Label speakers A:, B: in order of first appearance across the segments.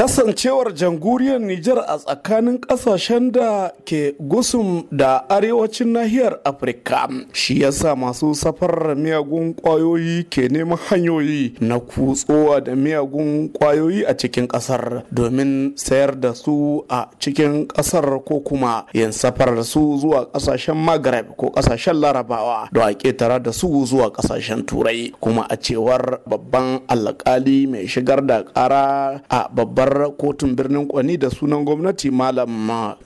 A: kasancewar janguriyar Nijar a tsakanin kasashen da ke gusum da arewacin nahiyar Afirka shi ya sa masu safar miyagun kwayoyi ke neman hanyoyi na kutsowa da miyagun kwayoyi a cikin kasar domin sayar da su a cikin kasar ko kuma yin safar su zuwa kasashen Maghreb ko kasashen Larabawa da a ketara da su zuwa kasashen Turai kuma a cewar babban alƙali mai shigar da ƙara a babbar har kotun birnin kwani da sunan gwamnati malam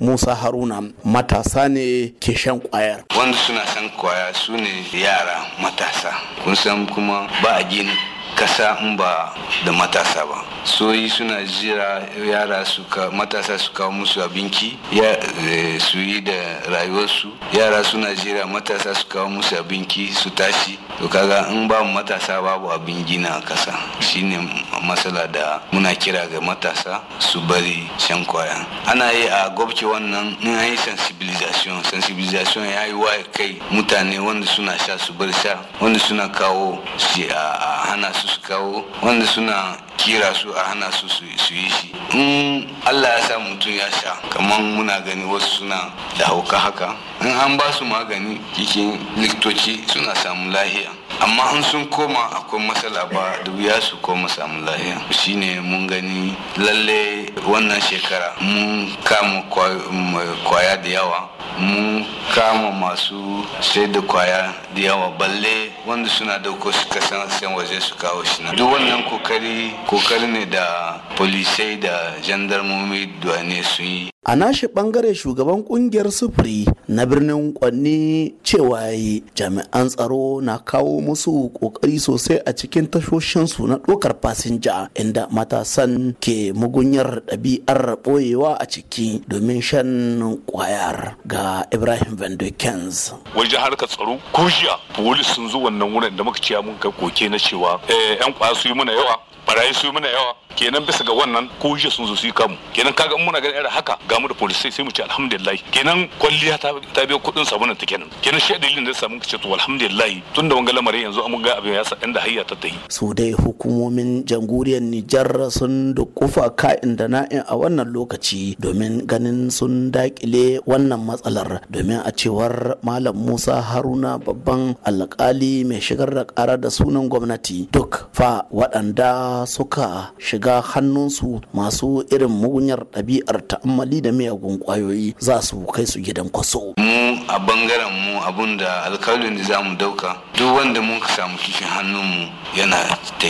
A: musa haruna matasa ne ke shan kwayar
B: wanda suna san kwaya su ne yara matasa kun san kuma ba a gini kasa in ba da matasa ba soyi suna jira yara suka matasa su kawo musu abinki ya eh, su yi da rayuwarsu yara suna jira matasa su kawo musu abinki su tashi to kaga in ba matasa babu abin gina a kasa shine matsala da muna kira ga matasa su bari shan kwaya ana yi a gwabce wannan in an yi sensibilization sensibilization ya yi wa kai mutane wanda suna sha su bari sha wanda suna kawo shi a hana su su kawo wanda suna kira su a hana su su yi shi in allah ya sa mutum ya sha kamar muna gani wasu suna da hauka haka in an ba su magani cikin likitoci suna samun lahiya amma an sun koma akwai matsala ba da wuya su koma samun lahiya shine mun gani lalle wannan shekara mun kama kwaya da yawa mun kama masu sai da kwaya da yawa balle wanda suna dauko suka san waje su kawo shi duk wannan kokari kokari ne da polisai da jandarmomi ne sun yi
A: a nashi bangare shugaban kungiyar sufuri na birnin kwanni cewa yi jami'an tsaro na kawo musu kokari sosai a cikin tashoshinsu na ɗaukar fasinja inda matasan ke mugunyar ɗabi'ar ɓoyewa a ciki domin shan kwayar ga ibrahim van dukens
B: wajen harkar tsaro kujiya polis sun zo wannan wurin da muka ciya mun kai koke na cewa eh, yan kwaya su yi mana yawa barayi su yi mana yawa kenan bisa bisa ga wannan ko jiya sun zo su yi kamu kenan kaga muna ganin irin haka ga mu da police sai mu ce alhamdulillah kenan kwalliya ta biya kuɗin sabunan ta kenan kenan shi dalilin da ya samu kace to alhamdulillah tun da wanga lamarin yanzu an ga abin ya sa inda hayya ta tayi
A: su dai hukumomin jamhuriyar Nijar sun da ka ka'in da na'in a wannan lokaci domin ganin sun dakile wannan matsalar domin a cewar malam Musa Haruna babban alƙali mai shigar da ƙara da sunan gwamnati duk fa waɗanda suka shiga hannu hannunsu masu irin mugunyar ɗabi'ar ta'ammali da miyagun kwayoyi za su kai su gidan kwaso.
B: mu a bangaren mu abun da alkalin da za mu dauka duk wanda mun samu cikin mu yana ta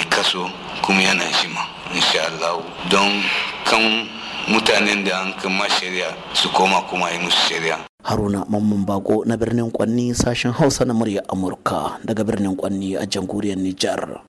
B: kuma yana shima insha Allah don kan mutanen da an kama shari'a su koma kuma yi musu shari'a.
A: Haruna Mamman Bako na birnin Kwanni sashen Hausa na murya Amurka daga birnin Kwanni a jamhuriyar Nijar.